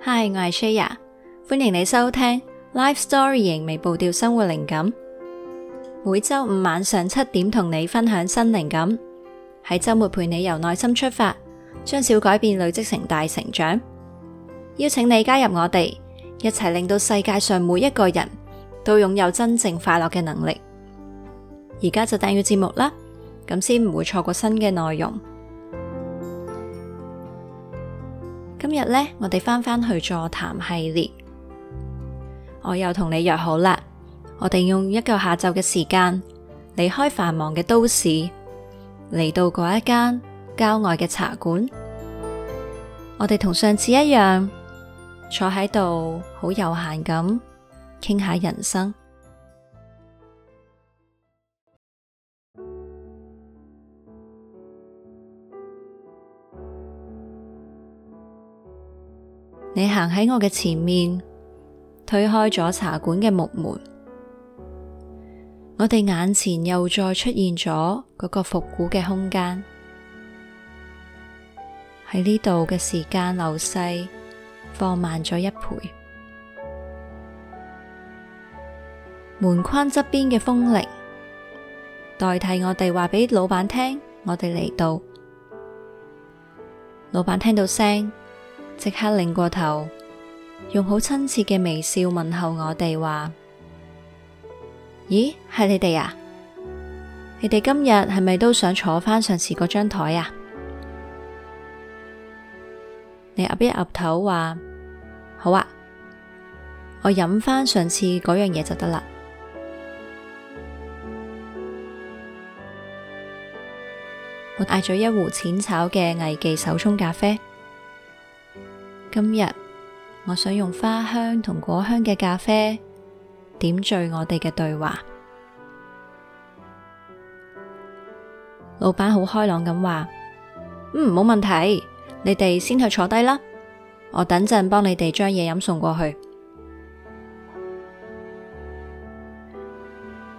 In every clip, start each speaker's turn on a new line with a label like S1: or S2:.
S1: Hi，我係 Shaya，歡迎你收聽 Life Storying，微步調生活靈感，每周五晚上七點同你分享新靈感，喺周末陪你由內心出發，將小改變累積成大成長。邀請你加入我哋，一齊令到世界上每一個人都擁有真正快樂嘅能力。而家就訂閱節目啦，咁先唔會錯過新嘅內容。今日咧，我哋翻返去座談系列，我又同你約好啦。我哋用一個下晝嘅時間，離開繁忙嘅都市，嚟到嗰一間郊外嘅茶館。我哋同上次一樣坐喺度，好悠閒咁傾下人生。你行喺我嘅前面，推開咗茶館嘅木門，我哋眼前又再出現咗嗰個復古嘅空間。喺呢度嘅時間流逝放慢咗一倍，門框側邊嘅風鈴代替我哋話俾老闆聽，我哋嚟到，老闆聽到聲即刻擰過頭，用好親切嘅微笑問候我哋話：咦，係你哋啊？你哋今日係咪都想坐翻上次嗰張台啊？你岌一岌頭話：好啊，我飲翻上次嗰樣嘢就得啦。我嗌咗一壺淺炒嘅藝妓手沖咖啡。今日我想用花香同果香嘅咖啡點綴我哋嘅對話。老闆好開朗咁話：嗯，冇問題，你哋先去坐低啦。我等陣幫你哋將嘢飲送過去。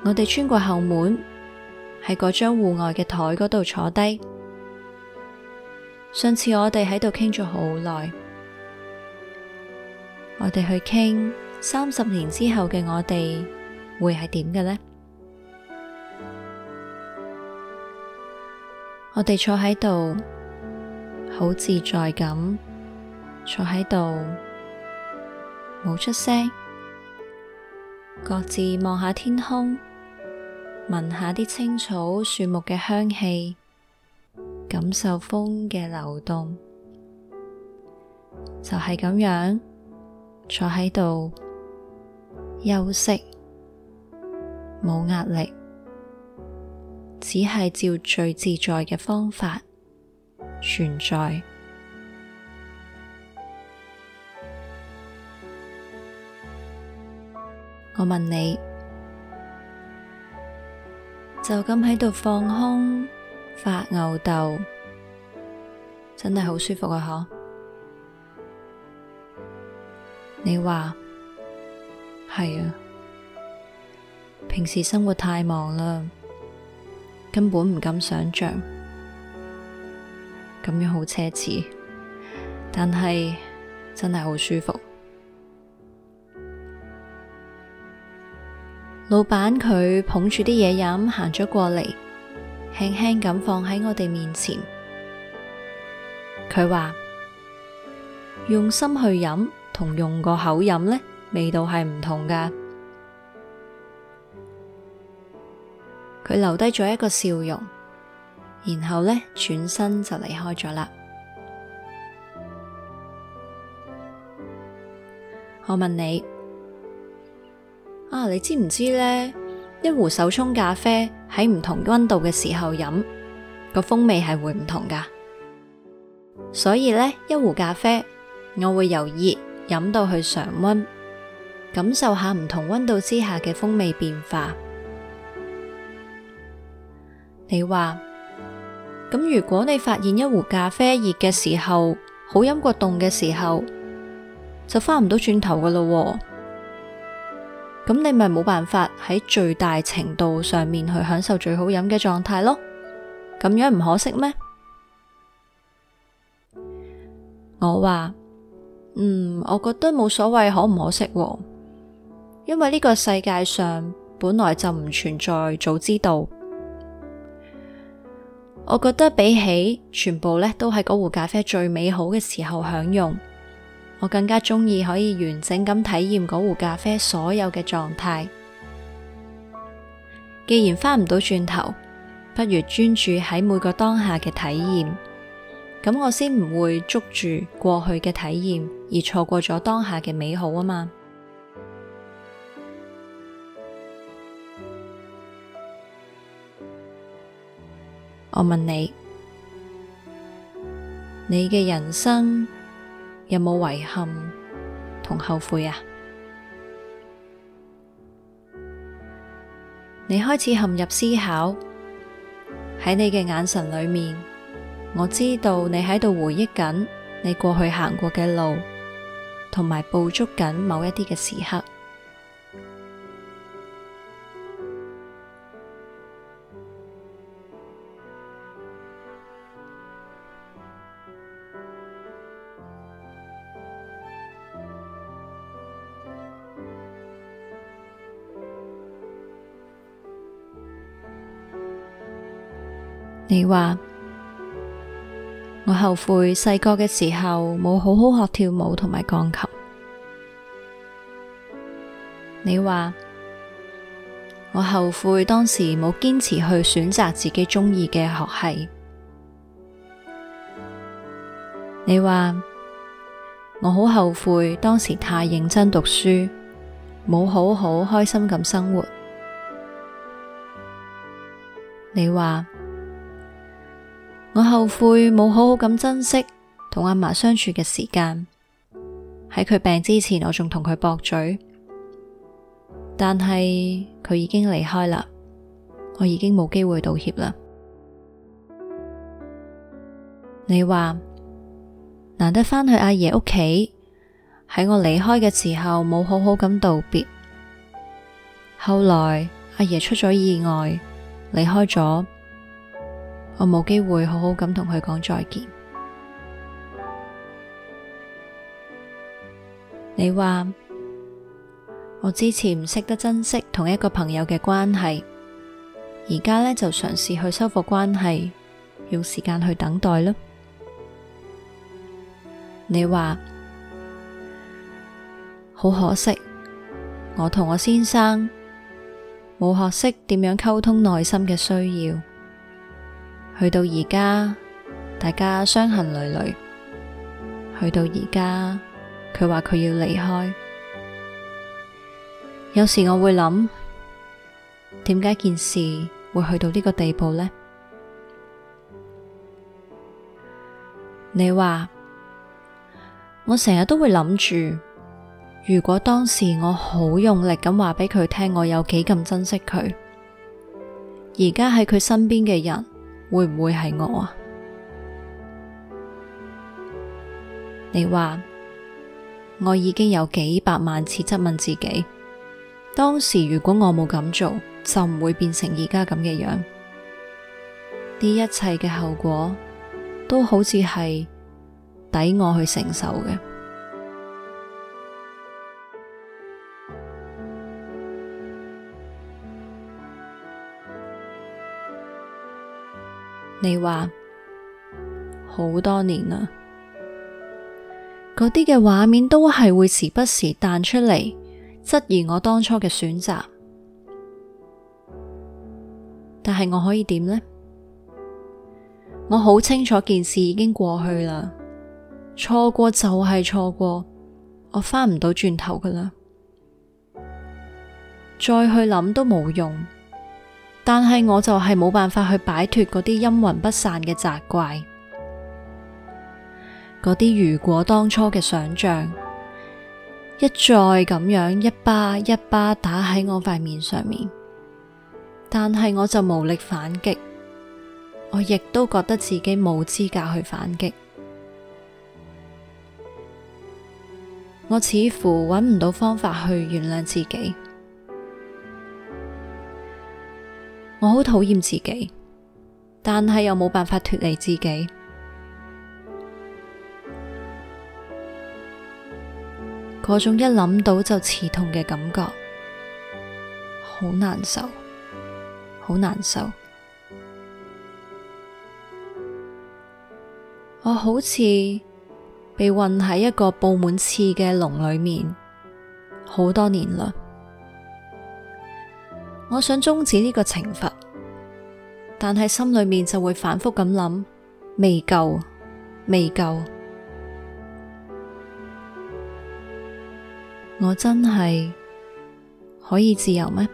S1: 我哋穿過後門，喺嗰張戶外嘅台嗰度坐低。上次我哋喺度傾咗好耐。我哋去傾三十年之後嘅我哋會係點嘅呢？我哋坐喺度，好自在咁坐喺度，冇出聲，各自望下天空，聞下啲青草、樹木嘅香氣，感受風嘅流動，就係咁樣。坐喺度休息，冇壓力，只係照最自在嘅方法存在。我問你，就咁喺度放空發吽逗，真係好舒服㗎！嗬。你話係啊，平時生活太忙啦，根本唔敢想象，咁樣好奢侈，但係真係好舒服。老闆佢捧住啲嘢飲行咗過嚟，輕輕咁放喺我哋面前。佢話，用心去飲。同用個口飲呢，味道係唔同噶。佢留低咗一個笑容，然後呢，轉身就離開咗啦。我問你啊，你知唔知呢？一壺手沖咖啡喺唔同溫度嘅時候飲，個風味係會唔同噶。所以呢，一壺咖啡我會由熱。飲到去常溫，感受下唔同溫度之下嘅風味變化。你話咁，如果你發現一壺咖啡熱嘅時候好飲過凍嘅時候，就翻唔到轉頭㗎咯。咁你咪冇辦法喺最大程度上面去享受最好飲嘅狀態咯。咁樣唔可惜咩？我話。嗯，我覺得冇所謂可唔可惜啊，因為呢個世界上本來就唔存在早知道。我覺得比起全部呢都係嗰壺咖啡最美好嘅時候享用，我更加鍾意可以完整咁體驗嗰壺咖啡所有嘅狀態。既然翻唔到轉頭，不如專注喺每個當下嘅體驗。咁我先唔會捉住過去嘅體驗，而錯過咗當下嘅美好啊嘛！我問你，你嘅人生有冇遺憾同後悔呀？你開始陷入思考，喺你嘅眼神裏面。我知道你喺度回憶緊你過去行過嘅路，同埋捕捉緊某一啲嘅時刻。你話？我後悔細個嘅時候冇好好學跳舞同埋鋼琴。你話，我後悔當時冇堅持去選擇自己中意嘅學系。你話，我好後悔當時太認真讀書，冇好好開心咁生活。你話。我後悔冇好好咁珍惜同阿嫲相處嘅時間，喺佢病之前，我仲同佢駁嘴，但係佢已經離開啦，我已經冇機會道歉啦。你話難得返去阿爺屋企，喺我離開嘅時候冇好好咁道別，後來阿爺出咗意外，離開咗。我冇機會好好咁同佢講再見。你話我之前唔識得珍惜同一個朋友嘅關係，而家呢就嘗試去修復關係，用時間去等待囉。你話好可惜，我同我先生冇學識點樣溝通內心嘅需要。去到而家，大家傷痕累累。去到而家，佢話佢要離開。有時我會諗，點解件事會去到呢個地步呢？你話我成日都會諗住，如果當時我好用力咁話俾佢聽我有幾咁珍惜佢。而家喺佢身邊嘅人。會唔會係我啊？你話我已經有幾百萬次質問自己，當時如果我冇咁做，就唔會變成而家咁嘅樣。呢一切嘅後果，都好似係抵我去承受嘅。你話好多年啦，嗰啲嘅畫面都係會時不時彈出嚟，質疑我當初嘅選擇。但係我可以點呢？我好清楚件事已經過去啦，錯過就係錯過，我翻唔到轉頭噶啦，再去諗都冇用。但係我就係冇辦法去擺脫嗰啲陰魂不散嘅責怪，嗰啲如果當初嘅想象一再咁樣一巴一巴打喺我塊面上面，但係我就無力反擊，我亦都覺得自己冇資格去反擊，我似乎揾唔到方法去原諒自己。我好討厭自己，但係又冇辦法脫離自己。嗰種一諗到就刺痛嘅感覺，好難受，好難受。我好似被困喺一個布滿刺嘅籠裏面，好多年啦。我想終止呢個懲罰，但係心裏面就會反覆咁諗，未夠，未夠，我真係可以自由咩？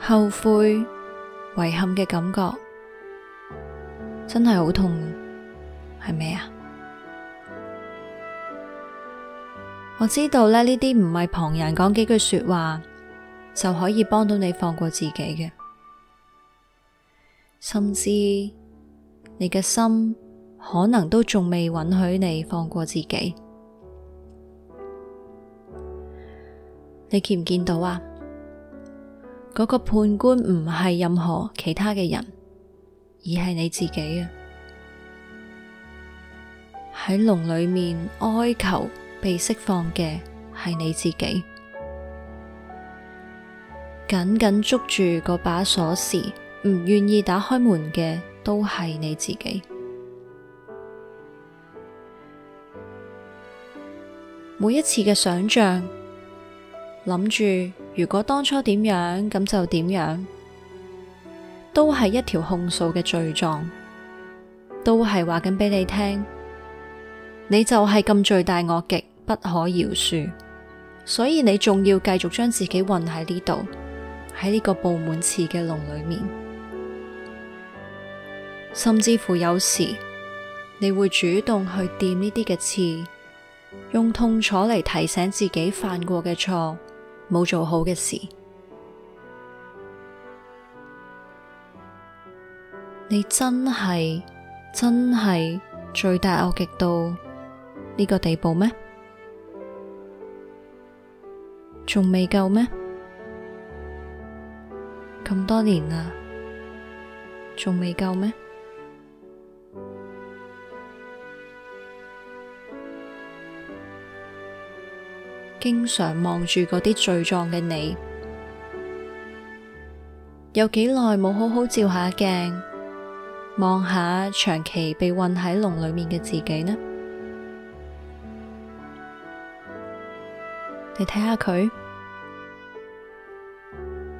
S1: 後悔、遺憾嘅感覺。真係好痛，係咩啊？我知道咧，呢啲唔係旁人講幾句說話就可以幫到你放過自己嘅，甚至你嘅心可能都仲未允許你放過自己。你見唔見到啊？嗰個判官唔係任何其他嘅人。而係你自己啊！喺籠裏面哀求被釋放嘅係你自己，緊緊捉住嗰把鎖匙，唔願意打開門嘅都係你自己。每一次嘅想象，諗住如果當初點樣，咁就點樣。都係一條控訴嘅罪狀，都係話緊俾你聽，你就係咁罪大惡極，不可饒恕，所以你仲要繼續將自己困喺呢度，喺呢個布滿刺嘅籠裏面，甚至乎有時你會主動去掂呢啲嘅刺，用痛楚嚟提醒自己犯過嘅錯，冇做好嘅事。你真係真係罪大惡極到呢個地步咩？仲未夠咩？咁多年啦，仲未夠咩？經常望住嗰啲罪狀嘅你，有幾耐冇好好照下鏡？望下長期被困喺籠裏面嘅自己呢？你睇下佢，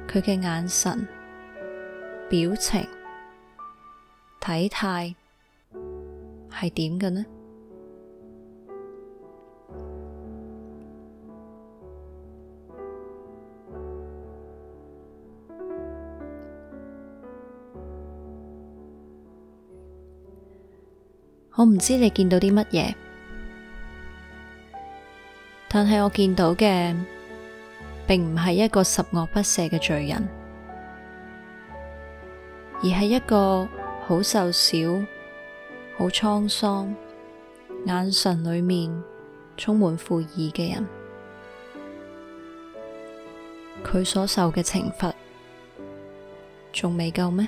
S1: 佢嘅眼神、表情、體態係點嘅呢？我唔知你見到啲乜嘢，但係我見到嘅，並唔係一個十惡不赦嘅罪人，而係一個好瘦小、好滄桑、眼神裏面充滿悔意嘅人。佢所受嘅懲罰仲未夠咩？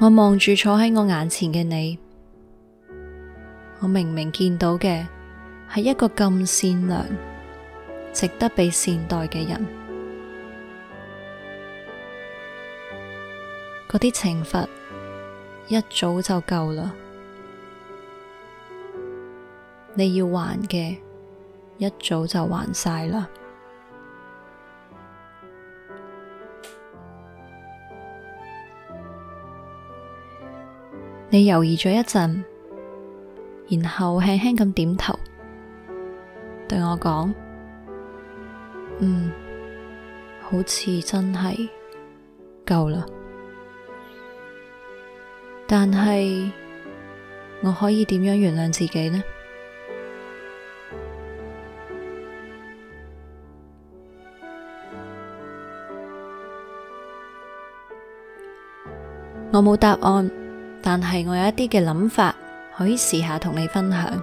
S1: 我望住坐喺我眼前嘅你，我明明見到嘅係一個咁善良、值得被善待嘅人，嗰啲懲罰一早就夠啦，你要還嘅一早就還晒啦。你猶豫咗一陣，然後輕輕咁點頭，對我講：嗯，好似真係夠啦。但係我可以點樣原諒自己呢？我冇答案。但係我有一啲嘅諗法，可以試下同你分享。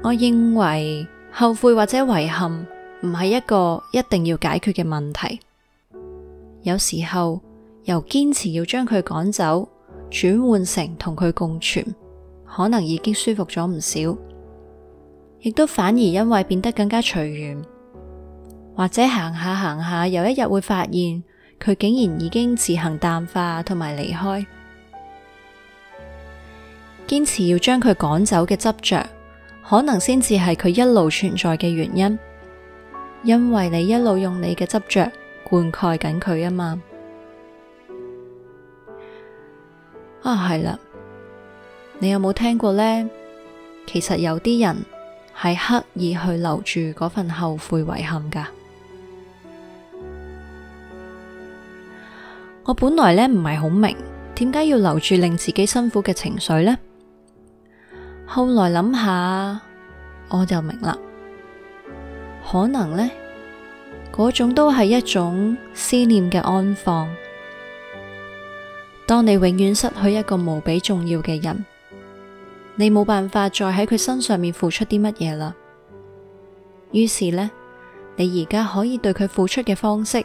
S1: 我認為後悔或者遺憾唔係一個一定要解決嘅問題。有時候，由堅持要將佢趕走，轉換成同佢共存，可能已經舒服咗唔少，亦都反而因為變得更加隨緣，或者行下行下，有一日會發現。佢竟然已經自行淡化同埋離開，堅持要將佢趕走嘅執着，可能先至係佢一路存在嘅原因。因為你一路用你嘅執着灌溉緊佢啊嘛。啊，係啦，你有冇聽過呢？其實有啲人係刻意去留住嗰份後悔遺憾㗎。我本來呢唔係好明點解要留住令自己辛苦嘅情緒呢？後來諗下我就明啦，可能呢嗰種都係一種思念嘅安放。當你永遠失去一個無比重要嘅人，你冇辦法再喺佢身上面付出啲乜嘢啦。於是呢，你而家可以對佢付出嘅方式。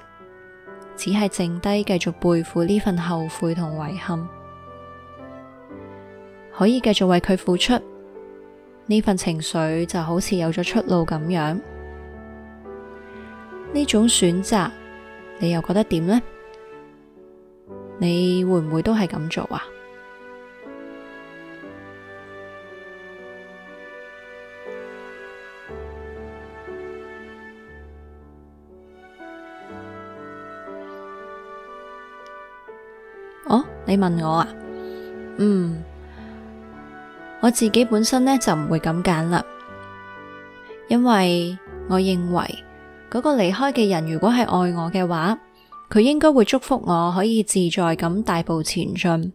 S1: 只係剩低繼續背負呢份後悔同遺憾，可以繼續為佢付出。呢份情緒就好似有咗出路咁樣。呢種選擇，你又覺得點呢？你會唔會都係咁做啊？你問我啊，嗯，我自己本身呢，就唔會咁揀啦，因為我認為嗰個離開嘅人如果係愛我嘅話，佢應該會祝福我可以自在咁大步前進，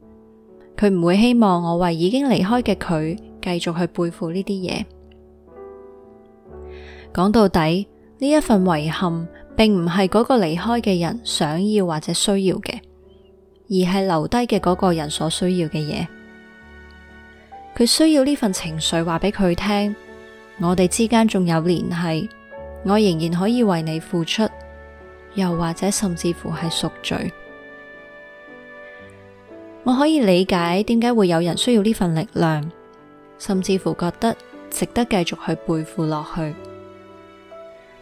S1: 佢唔會希望我為已經離開嘅佢繼續去背負呢啲嘢。講到底，呢一份遺憾並唔係嗰個離開嘅人想要或者需要嘅。而係留低嘅嗰個人所需要嘅嘢，佢需要呢份情緒話俾佢聽，我哋之間仲有聯繫，我仍然可以為你付出，又或者甚至乎係贖罪。我可以理解點解會有人需要呢份力量，甚至乎覺得值得繼續去背負落去。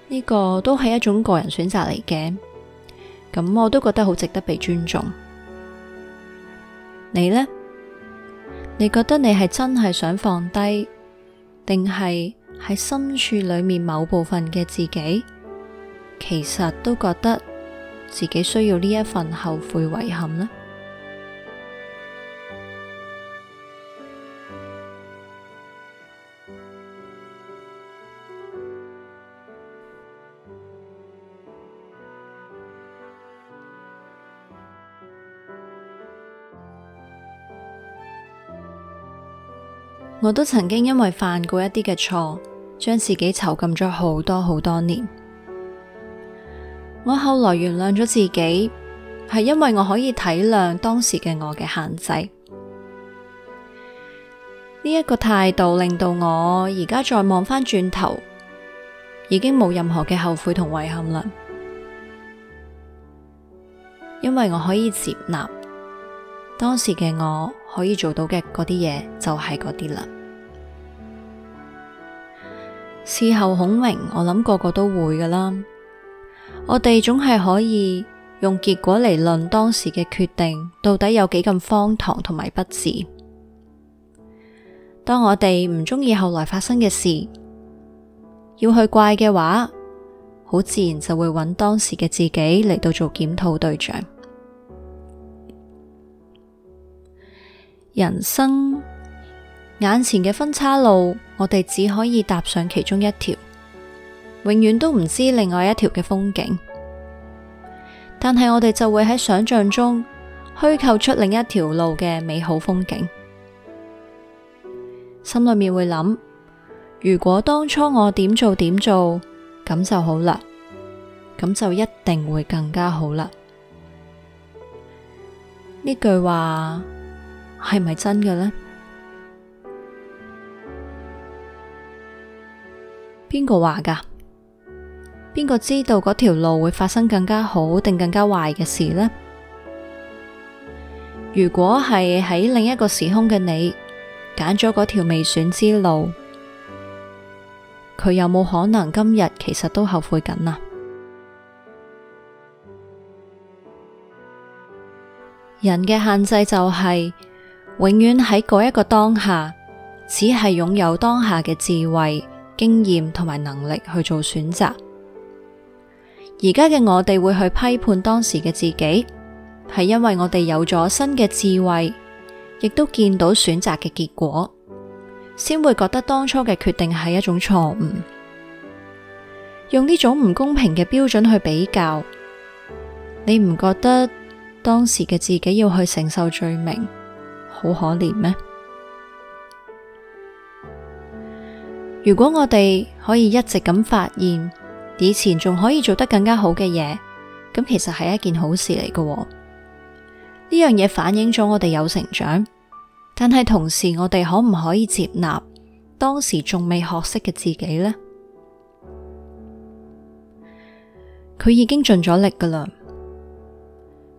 S1: 呢個都係一種個人選擇嚟嘅，咁我都覺得好值得被尊重。你呢？你覺得你係真係想放低，定係喺深處裏面某部分嘅自己，其實都覺得自己需要呢一份後悔遺憾呢？我都曾經因為犯過一啲嘅錯，將自己囚禁咗好多好多年。我後來原諒咗自己，係因為我可以體諒當時嘅我嘅限制。呢一個態度令到我而家再望返轉頭，已經冇任何嘅後悔同遺憾啦，因為我可以接納當時嘅我。可以做到嘅嗰啲嘢就係嗰啲啦。事後孔明，我諗個個都會噶啦。我哋總係可以用結果嚟論當時嘅決定到底有幾咁荒唐同埋不智。當我哋唔中意後來發生嘅事，要去怪嘅話，好自然就會揾當時嘅自己嚟到做檢討對象。人生眼前嘅分叉路，我哋只可以踏上其中一條，永遠都唔知另外一條嘅風景。但係我哋就會喺想象中虛構出另一條路嘅美好風景，心裏面會諗：如果當初我點做點做，咁就好啦，咁就一定會更加好啦。呢句話。係咪真嘅呢？邊個話噶？邊個知道嗰條路會發生更加好定更加壞嘅事呢？如果係喺另一個時空嘅你揀咗嗰條未選之路，佢有冇可能今日其實都後悔緊啊？人嘅限制就係。永遠喺嗰一個當下，只係擁有當下嘅智慧、經驗同埋能力去做選擇。而家嘅我哋會去批判當時嘅自己，係因為我哋有咗新嘅智慧，亦都見到選擇嘅結果，先會覺得當初嘅決定係一種錯誤。用呢種唔公平嘅標準去比較，你唔覺得當時嘅自己要去承受罪名？好可憐咩？如果我哋可以一直咁發現以前仲可以做得更加好嘅嘢，咁其實係一件好事嚟嘅喎。呢樣嘢反映咗我哋有成長，但係同時我哋可唔可以接納當時仲未學識嘅自己呢？佢已經盡咗力噶啦，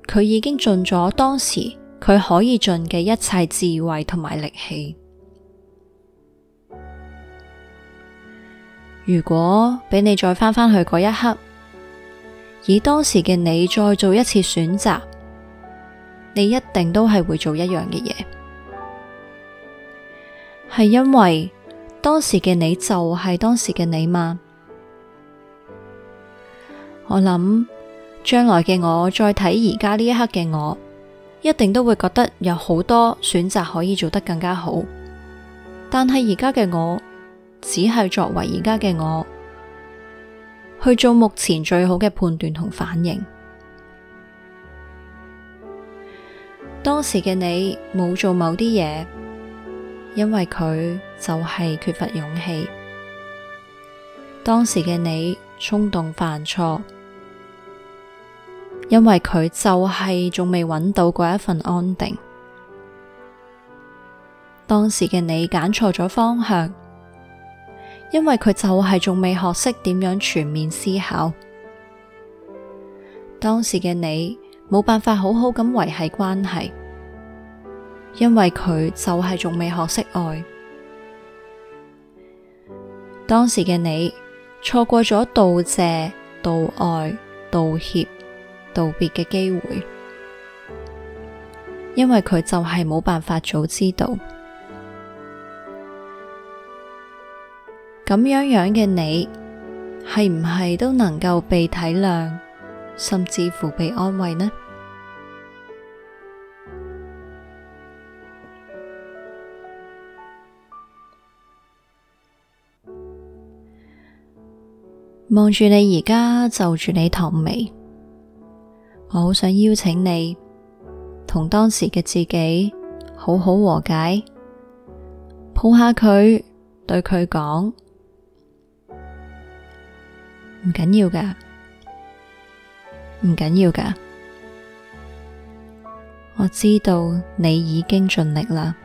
S1: 佢已經盡咗當時。佢可以盡嘅一切智慧同埋力氣。如果俾你再翻返去嗰一刻，以當時嘅你再做一次選擇，你一定都係會做一樣嘅嘢，係因為當時嘅你就係當時嘅你嘛。我諗將來嘅我再睇而家呢一刻嘅我，一定都會覺得有好多選擇可以做得更加好，但係而家嘅我只係作為而家嘅我去做目前最好嘅判斷同反應。當時嘅你冇做某啲嘢，因為佢就係缺乏勇氣。當時嘅你衝動犯錯。因為佢就係仲未揾到過一份安定。當時嘅你揀錯咗方向，因為佢就係仲未學識點樣全面思考。當時嘅你冇辦法好好咁維繫關係，因為佢就係仲未學識愛。當時嘅你錯過咗道謝、道愛、道歉。道別嘅機會，因為佢就係冇辦法早知道。咁樣樣嘅你，係唔係都能夠被體諒，甚至乎被安慰呢？望住你而家皺住你唐眉。我好想邀請你同當時嘅自己好好和解，抱下佢，對佢講唔緊要噶，唔緊要噶，我知道你已經盡力啦，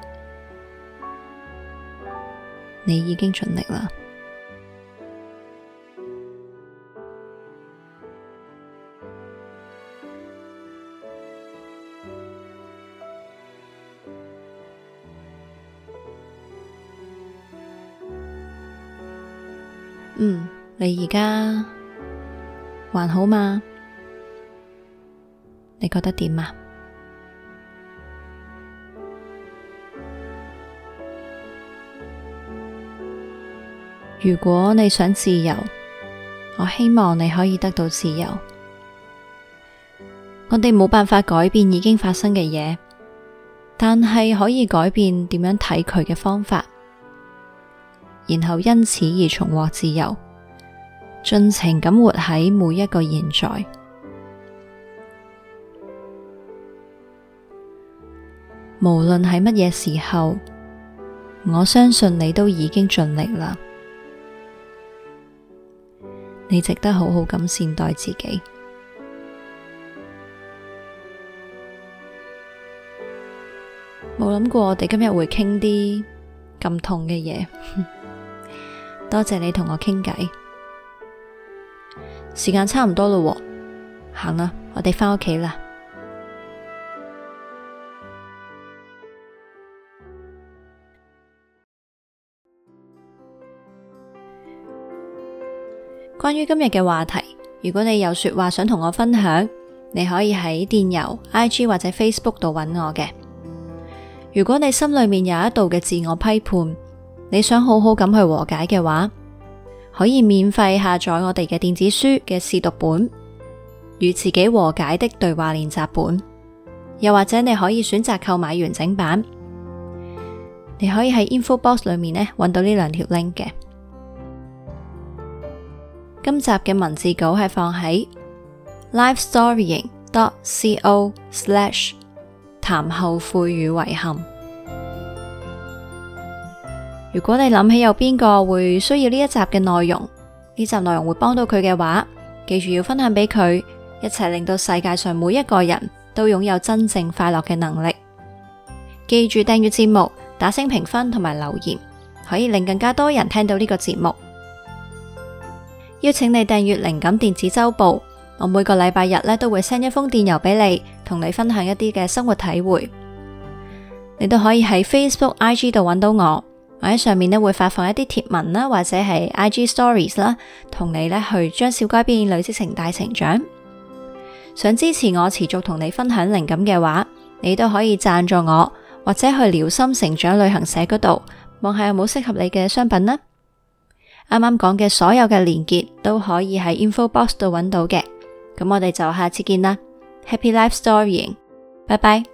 S1: 你已經盡力啦。你而家還好嗎？你覺得點啊？如果你想自由，我希望你可以得到自由。我哋冇辦法改變已經發生嘅嘢，但係可以改變點樣睇佢嘅方法，然後因此而重獲自由。盡情咁活喺每一個現在，無論喺乜嘢時候，我相信你都已經盡力啦。你值得好好咁善待自己。冇諗過我哋今日會傾啲咁痛嘅嘢，多謝你同我傾偈。時間差唔多咯，行啦，我哋返屋企啦。關於今日嘅話題，如果你有說話想同我分享，你可以喺電郵、IG 或者 Facebook 度揾我嘅。如果你心裏面有一度嘅自我批判，你想好好咁去和解嘅話。可以免費下載我哋嘅電子書嘅試讀本，與自己和解的對話練習本，又或者你可以選擇購買完整版。你可以喺 InfoBox 裏面呢，搵到呢兩條 link 嘅。今集嘅文字稿係放喺 lifestorying.co/ 談後悔與遺憾。如果你諗起有邊個會需要呢一集嘅內容，呢集內容會幫到佢嘅話，記住要分享俾佢，一齊令到世界上每一個人都擁有真正快樂嘅能力。記住訂閱節目、打星評分同埋留言，可以令更加多人聽到呢個節目。邀請你訂閱靈感電子週報，我每個禮拜日呢都會 send 一封電郵俾你，同你分享一啲嘅生活體會。你都可以喺 Facebook、IG 度搵到我。我喺上面呢會發放一啲貼文啦，或者係 IG Stories 啦，同你呢去將小乖變女色成大成長。想支持我持續同你分享靈感嘅話，你都可以贊助我，或者去療心成長旅行社嗰度望下有冇適合你嘅商品啦。啱啱講嘅所有嘅連結都可以喺 Info Box 度搵到嘅。咁我哋就下次見啦，Happy Life Storying，拜拜。